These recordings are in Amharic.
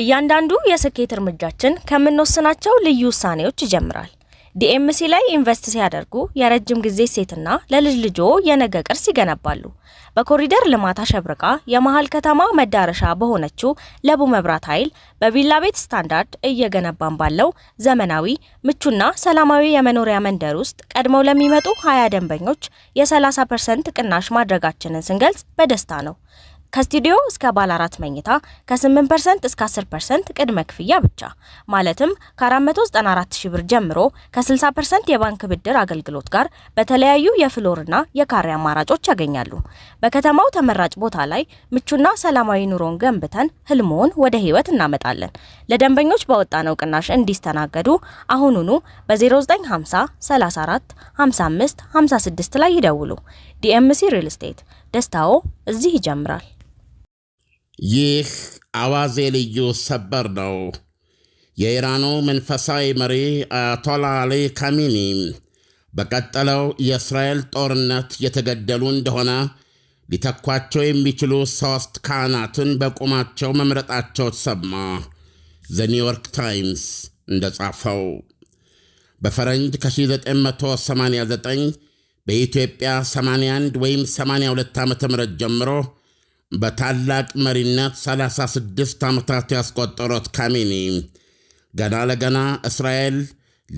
እያንዳንዱ የስኬት እርምጃችን ከምንወስናቸው ልዩ ውሳኔዎች ይጀምራል። ዲኤምሲ ላይ ኢንቨስት ሲያደርጉ የረጅም ጊዜ ሴትና ለልጅ ልጆ የነገ ቅርስ ይገነባሉ። በኮሪደር ልማት አሸብርቃ የመሀል ከተማ መዳረሻ በሆነችው ለቡ መብራት ኃይል በቪላ ቤት ስታንዳርድ እየገነባን ባለው ዘመናዊ ምቹና ሰላማዊ የመኖሪያ መንደር ውስጥ ቀድመው ለሚመጡ ሀያ ደንበኞች የ30 ፐርሰንት ቅናሽ ማድረጋችንን ስንገልጽ በደስታ ነው። ከስቱዲዮ እስከ ባለ አራት መኝታ ከ8 እስከ 10 ቅድመ ክፍያ ብቻ ማለትም ከ 494000 ብር ጀምሮ ከ60 የባንክ ብድር አገልግሎት ጋር በተለያዩ የፍሎርና የካሬ አማራጮች ያገኛሉ። በከተማው ተመራጭ ቦታ ላይ ምቹና ሰላማዊ ኑሮን ገንብተን ህልሞን ወደ ህይወት እናመጣለን። ለደንበኞች በወጣነው ቅናሽ እንዲስተናገዱ አሁኑኑ በ0950 34 55 56 ላይ ይደውሉ። ዲኤምሲ ሪል ስቴት ደስታዎ እዚህ ይጀምራል። ይህ አዋዜ ልዩ ሰበር ነው። የኢራኑ መንፈሳዊ መሪ አያቶላ አሊ ካሚኒ በቀጠለው የእስራኤል ጦርነት የተገደሉ እንደሆነ ሊተኳቸው የሚችሉ ሦስት ካህናትን በቁማቸው መምረጣቸው ተሰማ። ዘ ኒውዮርክ ታይምስ እንደጻፈው በፈረንጅ ከ1989 በኢትዮጵያ 81 ወይም 82 ዓ ም ጀምሮ በታላቅ መሪነት 36 ዓመታት ያስቆጠሩት ካሚኒ ገና ለገና እስራኤል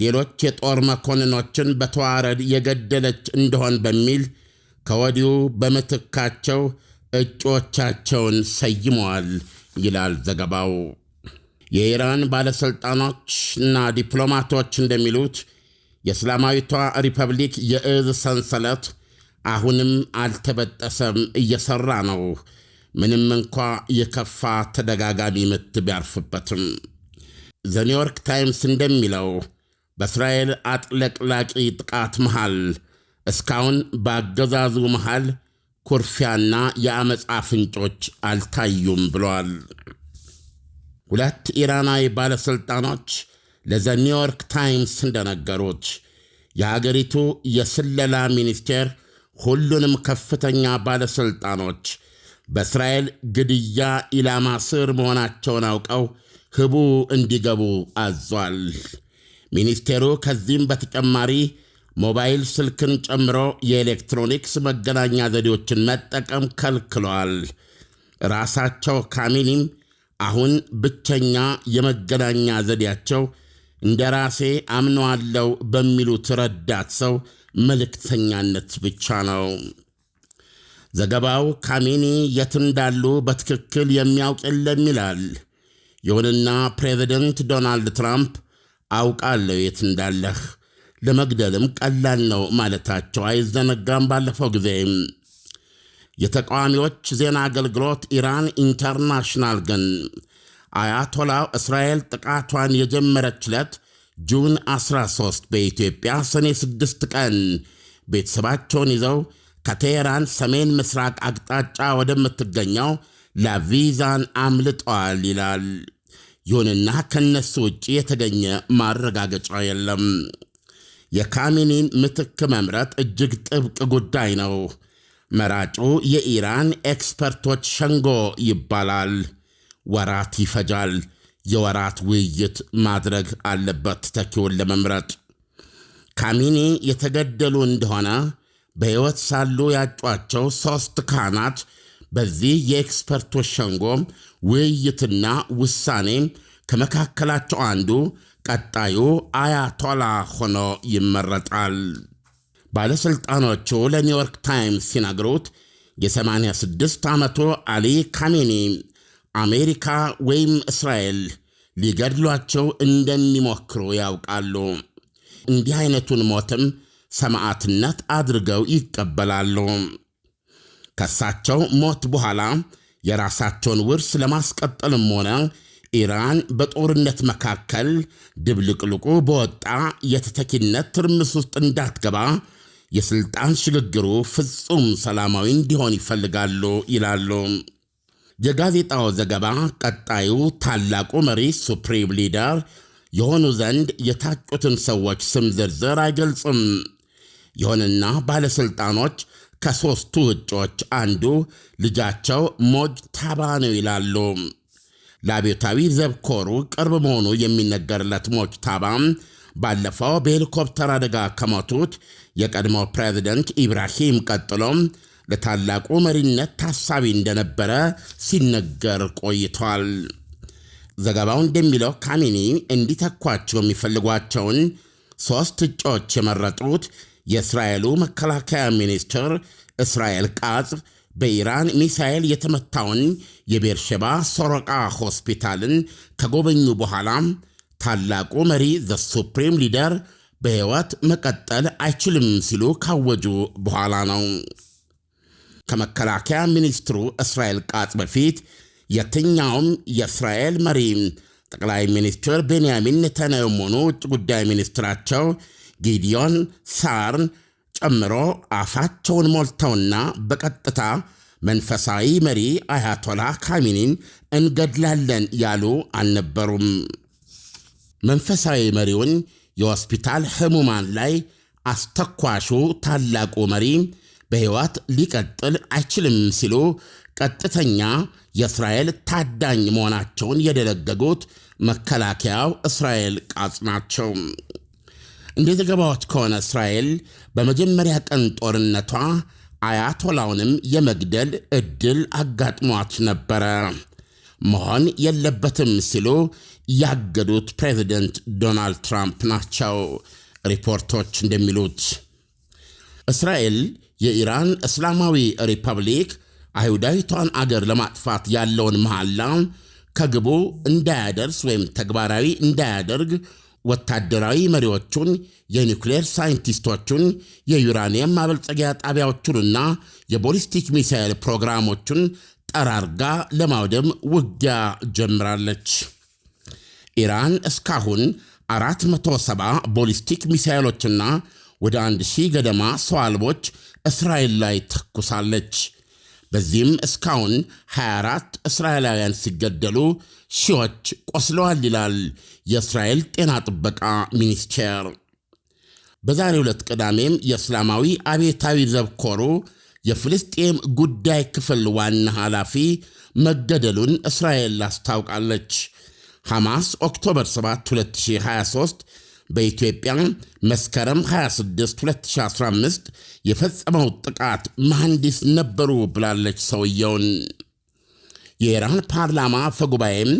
ሌሎች የጦር መኮንኖችን በተዋረድ የገደለች እንደሆን በሚል ከወዲሁ በምትካቸው እጩዎቻቸውን ሰይመዋል ይላል ዘገባው። የኢራን እና ዲፕሎማቶች እንደሚሉት የእስላማዊቷ ሪፐብሊክ የእዝ ሰንሰለት አሁንም አልተበጠሰም፣ እየሠራ ነው። ምንም እንኳ የከፋ ተደጋጋሚ ምት ቢያርፍበትም ዘኒውዮርክ ታይምስ እንደሚለው በእስራኤል አጥለቅላቂ ጥቃት መሃል እስካሁን በአገዛዙ መሃል ኩርፊያና የአመፃ ፍንጮች አልታዩም ብለዋል። ሁለት ኢራናዊ ባለሥልጣኖች ለዘ ኒውዮርክ ታይምስ እንደነገሩት የአገሪቱ የስለላ ሚኒስቴር ሁሉንም ከፍተኛ ባለሥልጣኖች በእስራኤል ግድያ ኢላማ ስር መሆናቸውን አውቀው ህቡ እንዲገቡ አዟል። ሚኒስቴሩ ከዚህም በተጨማሪ ሞባይል ስልክን ጨምሮ የኤሌክትሮኒክስ መገናኛ ዘዴዎችን መጠቀም ከልክለዋል። ራሳቸው ካሚኒም አሁን ብቸኛ የመገናኛ ዘዴያቸው እንደ ራሴ አምነዋለው በሚሉት ረዳት ሰው መልእክተኛነት ብቻ ነው። ዘገባው ካሜኒ የት እንዳሉ በትክክል የሚያውቅ የለም ይላል። ይሁንና ፕሬዚደንት ዶናልድ ትራምፕ አውቃለሁ የት እንዳለህ፣ ለመግደልም ቀላል ነው ማለታቸው አይዘነጋም። ባለፈው ጊዜ የተቃዋሚዎች ዜና አገልግሎት ኢራን ኢንተርናሽናል ግን አያቶላው እስራኤል ጥቃቷን የጀመረች ዕለት ጁን 13 በኢትዮጵያ ሰኔ 6 ቀን ቤተሰባቸውን ይዘው ከቴሄራን ሰሜን ምስራቅ አቅጣጫ ወደምትገኘው ላቪዛን አምልጠዋል ይላል። ይሁንና ከነሱ ውጭ የተገኘ ማረጋገጫ የለም። የካሚኒን ምትክ መምረጥ እጅግ ጥብቅ ጉዳይ ነው። መራጩ የኢራን ኤክስፐርቶች ሸንጎ ይባላል። ወራት ይፈጃል። የወራት ውይይት ማድረግ አለበት ተኪውን ለመምረጥ። ካሚኒ የተገደሉ እንደሆነ በሕይወት ሳሉ ያጯቸው ሦስት ካህናት በዚህ የኤክስፐርቶች ሸንጎ ውይይትና ውሳኔ ከመካከላቸው አንዱ ቀጣዩ አያቶላ ሆኖ ይመረጣል። ባለሥልጣኖቹ ለኒውዮርክ ታይምስ ሲነግሩት የ86 ዓመቱ አሊ ካሜኒ አሜሪካ ወይም እስራኤል ሊገድሏቸው እንደሚሞክሩ ያውቃሉ። እንዲህ አይነቱን ሞትም ሰማዕትነት አድርገው ይቀበላሉ። ከሳቸው ሞት በኋላ የራሳቸውን ውርስ ለማስቀጠልም ሆነ ኢራን በጦርነት መካከል ድብልቅልቁ በወጣ የተተኪነት ትርምስ ውስጥ እንዳትገባ የሥልጣን ሽግግሩ ፍጹም ሰላማዊ እንዲሆን ይፈልጋሉ ይላሉ። የጋዜጣው ዘገባ ቀጣዩ ታላቁ መሪ ሱፕሪም ሊደር የሆኑ ዘንድ የታጩትን ሰዎች ስም ዝርዝር አይገልጽም። ይሁንና ባለሥልጣኖች ከሦስቱ እጩዎች አንዱ ልጃቸው ሞጅ ታባ ነው ይላሉ። ለአብዮታዊ ዘብኮሩ ቅርብ መሆኑ የሚነገርለት ሞጅ ታባ ባለፈው በሄሊኮፕተር አደጋ ከሞቱት የቀድሞው ፕሬዚደንት ኢብራሂም ቀጥሎ ለታላቁ መሪነት ታሳቢ እንደነበረ ሲነገር ቆይቷል። ዘገባው እንደሚለው ካሜኒ እንዲተኳቸው የሚፈልጓቸውን ሦስት እጩዎች የመረጡት የእስራኤሉ መከላከያ ሚኒስትር እስራኤል ቃጽ በኢራን ሚሳኤል የተመታውን የቤርሸባ ሶሮቃ ሆስፒታልን ከጎበኙ በኋላ ታላቁ መሪ ዘ ሱፕሪም ሊደር በሕይወት መቀጠል አይችልም ሲሉ ካወጁ በኋላ ነው። ከመከላከያ ሚኒስትሩ እስራኤል ቃጽ በፊት የትኛውም የእስራኤል መሪ ጠቅላይ ሚኒስትር ቤንያሚን ኔታንያሁም ሆኑ ውጭ ጉዳይ ሚኒስትራቸው ጊዲዮን ሳርን ጨምሮ አፋቸውን ሞልተውና በቀጥታ መንፈሳዊ መሪ አያቶላ ካሚኒን እንገድላለን ያሉ አልነበሩም። መንፈሳዊ መሪውን የሆስፒታል ህሙማን ላይ አስተኳሹ ታላቁ መሪ በሕይወት ሊቀጥል አይችልም ሲሉ ቀጥተኛ የእስራኤል ታዳኝ መሆናቸውን የደነገጉት መከላከያው እስራኤል ቃጽ ናቸው። እንደዘገባዎች ከሆነ እስራኤል በመጀመሪያ ቀን ጦርነቷ አያቶላውንም የመግደል ዕድል አጋጥሟት ነበረ። መሆን የለበትም ሲሉ ያገዱት ፕሬዚደንት ዶናልድ ትራምፕ ናቸው። ሪፖርቶች እንደሚሉት እስራኤል የኢራን እስላማዊ ሪፐብሊክ አይሁዳዊቷን አገር ለማጥፋት ያለውን መሐላ ከግቡ እንዳያደርስ ወይም ተግባራዊ እንዳያደርግ ወታደራዊ መሪዎቹን፣ የኒውክሌር ሳይንቲስቶቹን፣ የዩራኒየም ማበልጸጊያ ጣቢያዎቹንና የቦሊስቲክ ሚሳኤል ፕሮግራሞቹን ጠራርጋ ለማውደም ውጊያ ጀምራለች። ኢራን እስካሁን 470 ቦሊስቲክ ሚሳኤሎችና ወደ 1000 ገደማ ሰው አልቦች እስራኤል ላይ ተኩሳለች። በዚህም እስካሁን 24 እስራኤላውያን ሲገደሉ ሺዎች ቆስለዋል ይላል የእስራኤል ጤና ጥበቃ ሚኒስቴር። በዛሬ ሁለት ቅዳሜም የእስላማዊ አብዮታዊ ዘብ ኮሩ የፍልስጤም ጉዳይ ክፍል ዋና ኃላፊ መገደሉን እስራኤል አስታውቃለች። ሐማስ ኦክቶበር 7 2023 በኢትዮጵያ መስከረም 26 2015 የፈጸመው ጥቃት መሐንዲስ ነበሩ ብላለች ሰውየውን። የኢራን ፓርላማ አፈጉባኤም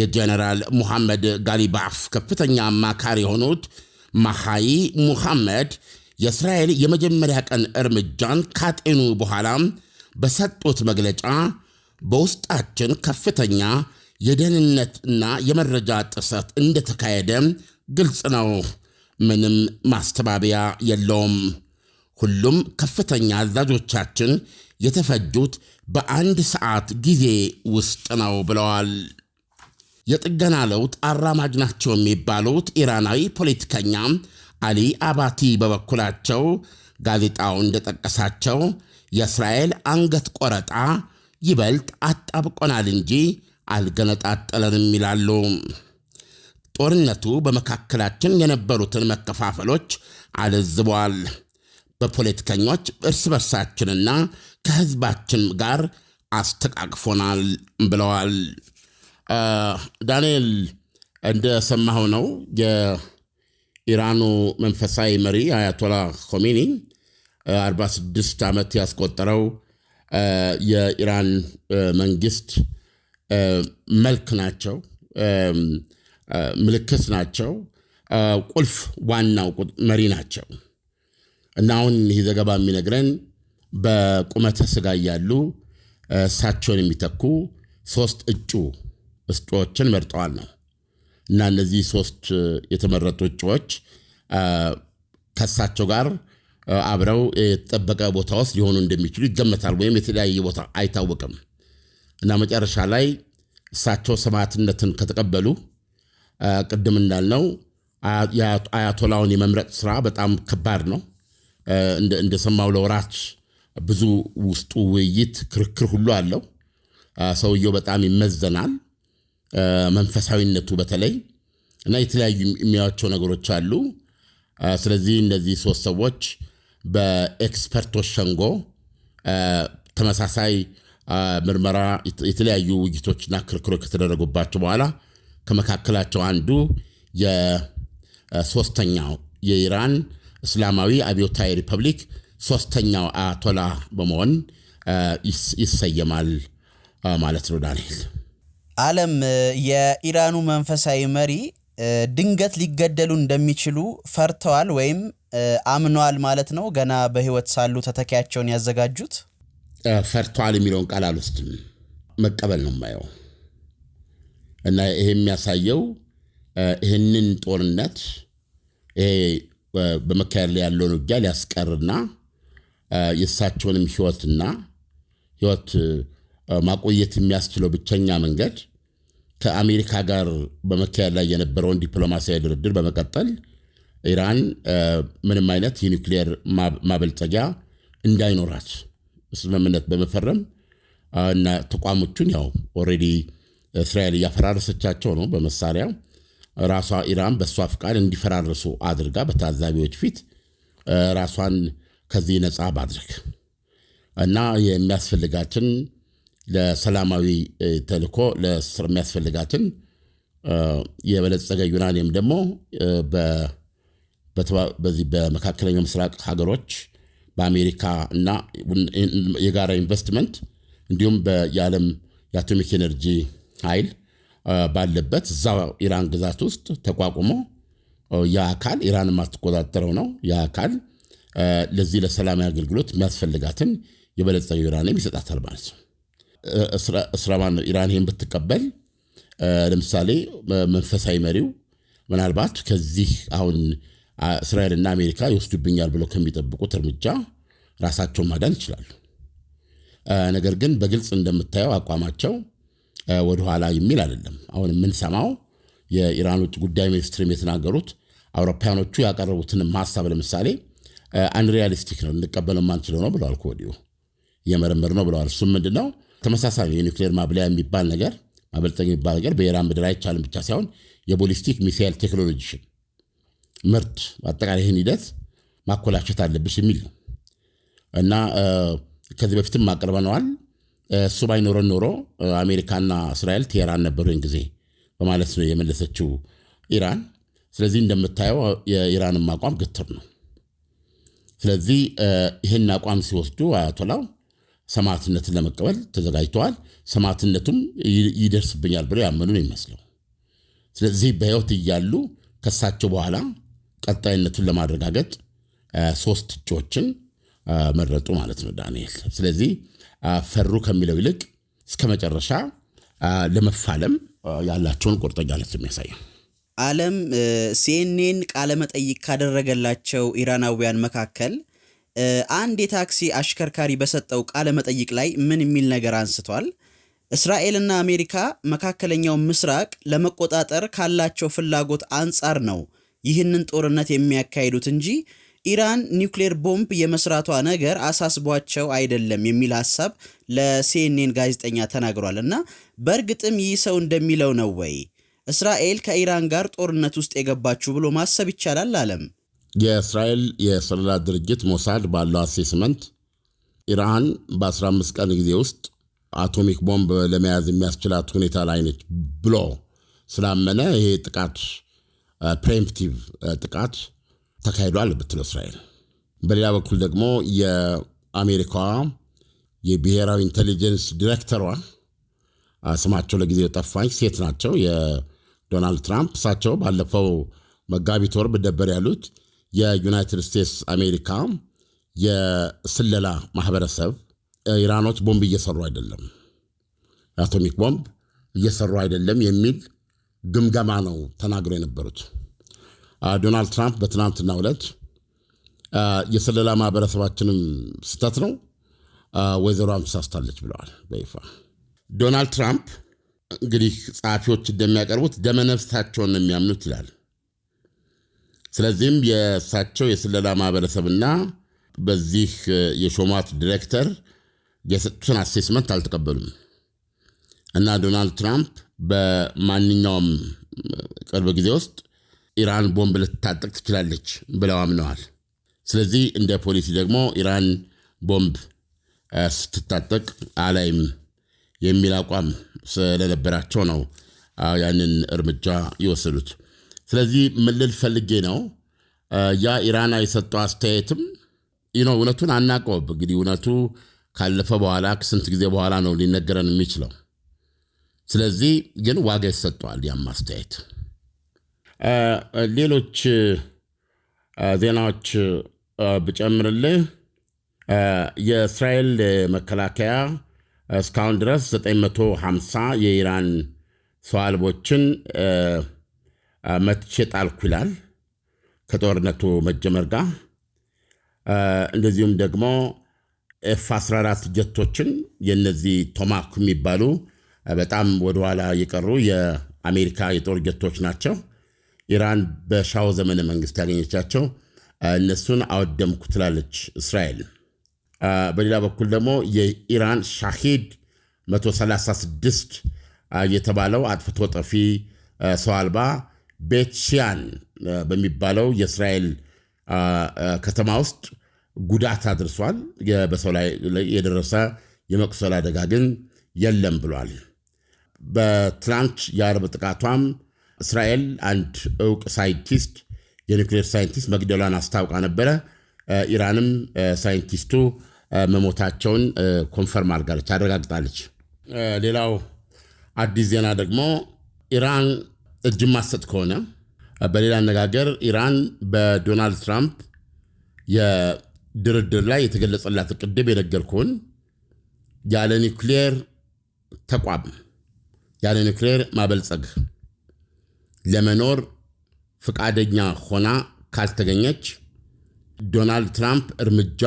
የጀነራል ሙሐመድ ጋሊባፍ ከፍተኛ አማካሪ የሆኑት ማሃይ ሙሐመድ የእስራኤል የመጀመሪያ ቀን እርምጃን ካጤኑ በኋላ በሰጡት መግለጫ በውስጣችን ከፍተኛ የደህንነትና የመረጃ ጥሰት እንደተካሄደ ግልጽ ነው። ምንም ማስተባበያ የለውም። ሁሉም ከፍተኛ አዛዦቻችን የተፈጁት በአንድ ሰዓት ጊዜ ውስጥ ነው ብለዋል። የጥገና ለውጥ አራማጅ ናቸው የሚባሉት ኢራናዊ ፖለቲከኛ አሊ አባቲ በበኩላቸው ጋዜጣው እንደጠቀሳቸው የእስራኤል አንገት ቆረጣ ይበልጥ አጣብቆናል እንጂ አልገነጣጠለንም ይላሉ። ጦርነቱ በመካከላችን የነበሩትን መከፋፈሎች አለዝበዋል። በፖለቲከኞች እርስ በርሳችንና ከህዝባችን ጋር አስተቃቅፎናል ብለዋል። ዳንኤል እንደሰማኸው ነው። የኢራኑ መንፈሳዊ መሪ አያቶላ ኮሚኒ 46 ዓመት ያስቆጠረው የኢራን መንግስት መልክ ናቸው። ምልክት ናቸው፣ ቁልፍ ዋናው መሪ ናቸው እና አሁን ይህ ዘገባ የሚነግረን በቁመተ ስጋ እያሉ እሳቸውን የሚተኩ ሶስት እጩ እስጩዎችን መርጠዋል ነው እና እነዚህ ሶስት የተመረጡ እጩዎች ከእሳቸው ጋር አብረው የተጠበቀ ቦታ ውስጥ ሊሆኑ እንደሚችሉ ይገመታል፣ ወይም የተለያየ ቦታ አይታወቅም። እና መጨረሻ ላይ እሳቸው ሰማዕትነትን ከተቀበሉ ቅድም እንዳልነው አያቶላውን የመምረጥ ስራ በጣም ከባድ ነው። እንደሰማው ለወራች ብዙ ውስጡ ውይይት፣ ክርክር ሁሉ አለው። ሰውየው በጣም ይመዘናል። መንፈሳዊነቱ በተለይ እና የተለያዩ የሚያቸው ነገሮች አሉ። ስለዚህ እነዚህ ሶስት ሰዎች በኤክስፐርቶች ሸንጎ ተመሳሳይ ምርመራ የተለያዩ ውይይቶችና ክርክሮች ከተደረጉባቸው በኋላ ከመካከላቸው አንዱ የሶስተኛው የኢራን እስላማዊ አብዮታዊ ሪፐብሊክ ሶስተኛው አያቶላ በመሆን ይሰየማል ማለት ነው። ዳንኤል አለም የኢራኑ መንፈሳዊ መሪ ድንገት ሊገደሉ እንደሚችሉ ፈርተዋል ወይም አምነዋል ማለት ነው። ገና በህይወት ሳሉ ተተኪያቸውን ያዘጋጁት ፈርተዋል የሚለውን ቃል አልወስድም፣ መቀበል ነው የማየው። እና ይሄ የሚያሳየው ይህንን ጦርነት በመካሄድ ላይ ያለውን ውጊያ ሊያስቀርና የእሳቸውንም ህይወትና ህይወት ማቆየት የሚያስችለው ብቸኛ መንገድ ከአሜሪካ ጋር በመካሄድ ላይ የነበረውን ዲፕሎማሲያዊ ድርድር በመቀጠል ኢራን ምንም አይነት የኒክሌር ማበልጸጊያ እንዳይኖራት ስምምነት በመፈረም እና ተቋሞቹን ያው ኦልሬዲ እስራኤል እያፈራረሰቻቸው ነው በመሳሪያ ራሷ ኢራን በእሷ ፍቃድ እንዲፈራርሱ አድርጋ በታዛቢዎች ፊት ራሷን ከዚህ ነፃ ማድረግ እና የሚያስፈልጋችን ለሰላማዊ ተልኮ የሚያስፈልጋችን የበለጸገ ዩራኒየም ደግሞ በዚህ በመካከለኛው ምስራቅ ሀገሮች በአሜሪካ እና የጋራ ኢንቨስትመንት እንዲሁም የዓለም የአቶሚክ ኤነርጂ ኃይል ባለበት እዛ ኢራን ግዛት ውስጥ ተቋቁሞ ያ አካል ኢራን የማትቆጣጠረው ነው። የአካል አካል ለዚህ ለሰላማዊ አገልግሎት የሚያስፈልጋትን የበለጸገ ዩራኒየም ይሰጣታል ማለት ነው። እስራማን ኢራን ይህን ብትቀበል ለምሳሌ መንፈሳዊ መሪው ምናልባት ከዚህ አሁን እስራኤልና አሜሪካ ይወስዱብኛል ብሎ ከሚጠብቁት እርምጃ ራሳቸውን ማዳን ይችላሉ። ነገር ግን በግልጽ እንደምታየው አቋማቸው ወደኋላ የሚል አይደለም። አሁን የምንሰማው የኢራን ውጭ ጉዳይ ሚኒስትርም የተናገሩት አውሮፓያኖቹ ያቀረቡትንም ሀሳብ ለምሳሌ አንሪያሊስቲክ ነው ልንቀበለው ማንችለው ነው ብለዋል። ከወዲሁ የምርምር ነው ብለዋል። እሱም ምንድን ነው ተመሳሳይ የኒውክሌር ማብለያ የሚባል ነገር ማበልጸግ የሚባል ነገር በኢራን ምድር አይቻልም ብቻ ሳይሆን የቦሊስቲክ ሚሳይል ቴክኖሎጂሽን ምርት አጠቃላይ ይህን ሂደት ማኮላቸት አለብሽ የሚል ነው እና ከዚህ በፊትም አቅርበነዋል። እሱ ባይኖረን ኖሮ አሜሪካና እስራኤል ቴሄራን ነበሩ ይህን ጊዜ በማለት ነው የመለሰችው ኢራን። ስለዚህ እንደምታየው የኢራንም አቋም ግትር ነው። ስለዚህ ይህን አቋም ሲወስዱ አያቶላው ሰማዕትነትን ለመቀበል ተዘጋጅተዋል። ሰማዕትነቱም ይደርስብኛል ብለው ያመኑ ነው ይመስለው። ስለዚህ በህይወት እያሉ ከሳቸው በኋላ ቀጣይነቱን ለማረጋገጥ ሶስት እጩዎችን መረጡ ማለት ነው ዳንኤል። ስለዚህ ፈሩ ከሚለው ይልቅ እስከ መጨረሻ ለመፋለም ያላቸውን ቁርጠኛነት የሚያሳይ አለም ሲኤንኤን ቃለመጠይቅ ካደረገላቸው ኢራናውያን መካከል አንድ የታክሲ አሽከርካሪ በሰጠው ቃለ መጠይቅ ላይ ምን የሚል ነገር አንስቷል? እስራኤልና አሜሪካ መካከለኛውን ምስራቅ ለመቆጣጠር ካላቸው ፍላጎት አንጻር ነው ይህንን ጦርነት የሚያካሂዱት እንጂ ኢራን ኒውክሌር ቦምብ የመስራቷ ነገር አሳስቧቸው አይደለም የሚል ሀሳብ ለሲኤንኤን ጋዜጠኛ ተናግሯል። እና በእርግጥም ይህ ሰው እንደሚለው ነው ወይ እስራኤል ከኢራን ጋር ጦርነት ውስጥ የገባችው ብሎ ማሰብ ይቻላል? አለም የእስራኤል የስለላ ድርጅት ሞሳድ ባለው አሴስመንት ኢራን በ15 ቀን ጊዜ ውስጥ አቶሚክ ቦምብ ለመያዝ የሚያስችላት ሁኔታ ላይ ነች ብሎ ስላመነ ይሄ ጥቃት ፕሬምፕቲቭ ጥቃት ተካሂዷል ብትለው እስራኤል። በሌላ በኩል ደግሞ የአሜሪካዋ የብሔራዊ ኢንቴሊጀንስ ዲሬክተሯ ስማቸው ለጊዜው ጠፋኝ፣ ሴት ናቸው፣ የዶናልድ ትራምፕ እሳቸው ባለፈው መጋቢት ወር ብደበር ያሉት የዩናይትድ ስቴትስ አሜሪካ የስለላ ማህበረሰብ ኢራኖች ቦምብ እየሰሩ አይደለም፣ አቶሚክ ቦምብ እየሰሩ አይደለም የሚል ግምገማ ነው ተናግሮ የነበሩት። ዶናልድ ትራምፕ በትናንትናው ዕለት የስለላ ማህበረሰባችንም ስህተት ነው፣ ወይዘሮ ተሳስታለች ብለዋል በይፋ ዶናልድ ትራምፕ። እንግዲህ ጸሐፊዎች እንደሚያቀርቡት ደመነፍሳቸውን ነው የሚያምኑት ይላል። ስለዚህም የእሳቸው የስለላ ማህበረሰብና በዚህ የሾማት ዲሬክተር የሰጡትን አሴስመንት አልተቀበሉም እና ዶናልድ ትራምፕ በማንኛውም ቅርብ ጊዜ ውስጥ ኢራን ቦምብ ልትታጠቅ ትችላለች ብለው አምነዋል። ስለዚህ እንደ ፖሊሲ ደግሞ ኢራን ቦምብ ስትታጠቅ አላይም የሚል አቋም ስለነበራቸው ነው ያንን እርምጃ የወሰዱት። ስለዚህ ምልል ፈልጌ ነው ያ ኢራን የሰጠው አስተያየትም ነው። እውነቱን አናቀውብ እንግዲህ እውነቱ ካለፈ በኋላ ስንት ጊዜ በኋላ ነው ሊነገረን የሚችለው። ስለዚህ ግን ዋጋ ይሰጠዋል ያም አስተያየት ሌሎች ዜናዎች ብጨምርልህ የእስራኤል መከላከያ እስካሁን ድረስ 950 የኢራን ሰው አልቦችን መትቼ ጣልኩ ይላል ከጦርነቱ መጀመር ጋር። እንደዚሁም ደግሞ ኤፍ 14 ጀቶችን የነዚህ ቶማክ የሚባሉ በጣም ወደኋላ የቀሩ የአሜሪካ የጦር ጀቶች ናቸው። ኢራን በሻው ዘመነ መንግስት ያገኘቻቸው እነሱን አወደምኩ ትላለች እስራኤል። በሌላ በኩል ደግሞ የኢራን ሻሂድ 136 የተባለው አጥፍቶ ጠፊ ሰው አልባ ቤት ሺያን በሚባለው የእስራኤል ከተማ ውስጥ ጉዳት አድርሷል። በሰው ላይ የደረሰ የመቁሰል አደጋ ግን የለም ብሏል። በትናንት የአርብ ጥቃቷም እስራኤል አንድ እውቅ ሳይንቲስት የኒውክሌር ሳይንቲስት መግደሏን አስታውቃ ነበረ። ኢራንም ሳይንቲስቱ መሞታቸውን ኮንፈርም አድርጋለች፣ አረጋግጣለች። ሌላው አዲስ ዜና ደግሞ ኢራን እጅ ማሰጥ ከሆነ በሌላ አነጋገር ኢራን በዶናልድ ትራምፕ የድርድር ላይ የተገለጸላት ቅድም የነገርኩህን ያለ ኒውክሌር ተቋም ያለ ኒውክሌር ማበልጸግ ለመኖር ፈቃደኛ ሆና ካልተገኘች ዶናልድ ትራምፕ እርምጃ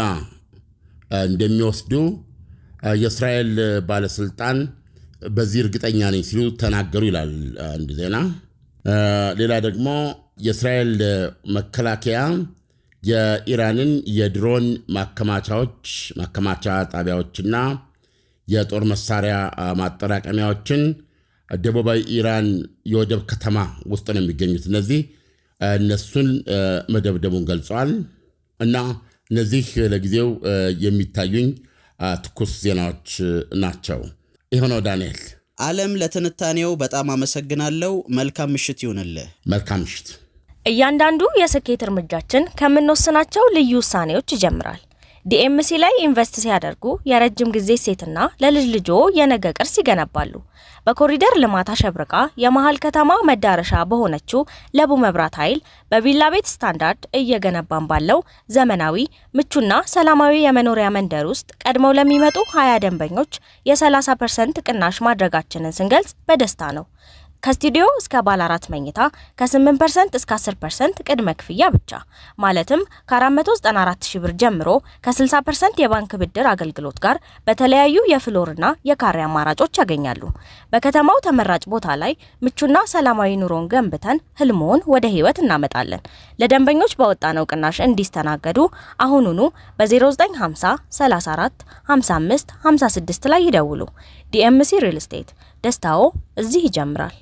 እንደሚወስዱ የእስራኤል ባለስልጣን በዚህ እርግጠኛ ነኝ ሲሉ ተናገሩ ይላል አንድ ዜና። ሌላ ደግሞ የእስራኤል መከላከያ የኢራንን የድሮን ማከማቻዎች ማከማቻ ጣቢያዎችና የጦር መሳሪያ ማጠራቀሚያዎችን ደቡባዊ ኢራን የወደብ ከተማ ውስጥ ነው የሚገኙት። እነዚህ እነሱን መደብደቡን ገልጸዋል። እና እነዚህ ለጊዜው የሚታዩኝ ትኩስ ዜናዎች ናቸው። ነው ዳንኤል አለም ለትንታኔው በጣም አመሰግናለሁ። መልካም ምሽት ይሁንልህ። መልካም ምሽት። እያንዳንዱ የስኬት እርምጃችን ከምንወስናቸው ልዩ ውሳኔዎች ይጀምራል። ዲኤምሲ ላይ ኢንቨስት ሲያደርጉ የረጅም ጊዜ ሴትና ለልጅ ልጆ የነገ ቅርስ ይገነባሉ። በኮሪደር ልማት አሸብርቃ የመሀል ከተማ መዳረሻ በሆነችው ለቡ መብራት ኃይል በቪላ ቤት ስታንዳርድ እየገነባን ባለው ዘመናዊ ምቹና ሰላማዊ የመኖሪያ መንደር ውስጥ ቀድመው ለሚመጡ ሀያ ደንበኞች የ30 ፐርሰንት ቅናሽ ማድረጋችንን ስንገልጽ በደስታ ነው። ከስቱዲዮ እስከ ባለ አራት መኝታ ከ8% እስከ 10% ቅድመ ክፍያ ብቻ ማለትም ከ494 ሺ ብር ጀምሮ ከ60% የባንክ ብድር አገልግሎት ጋር በተለያዩ የፍሎርና የካሬ አማራጮች ያገኛሉ። በከተማው ተመራጭ ቦታ ላይ ምቹና ሰላማዊ ኑሮን ገንብተን ህልሞን ወደ ህይወት እናመጣለን። ለደንበኞች በወጣነው ቅናሽ እንዲስተናገዱ አሁኑኑ በ0950 34 55 56 ላይ ይደውሉ። ዲኤምሲ ሪል ስቴት ደስታዎ እዚህ ይጀምራል።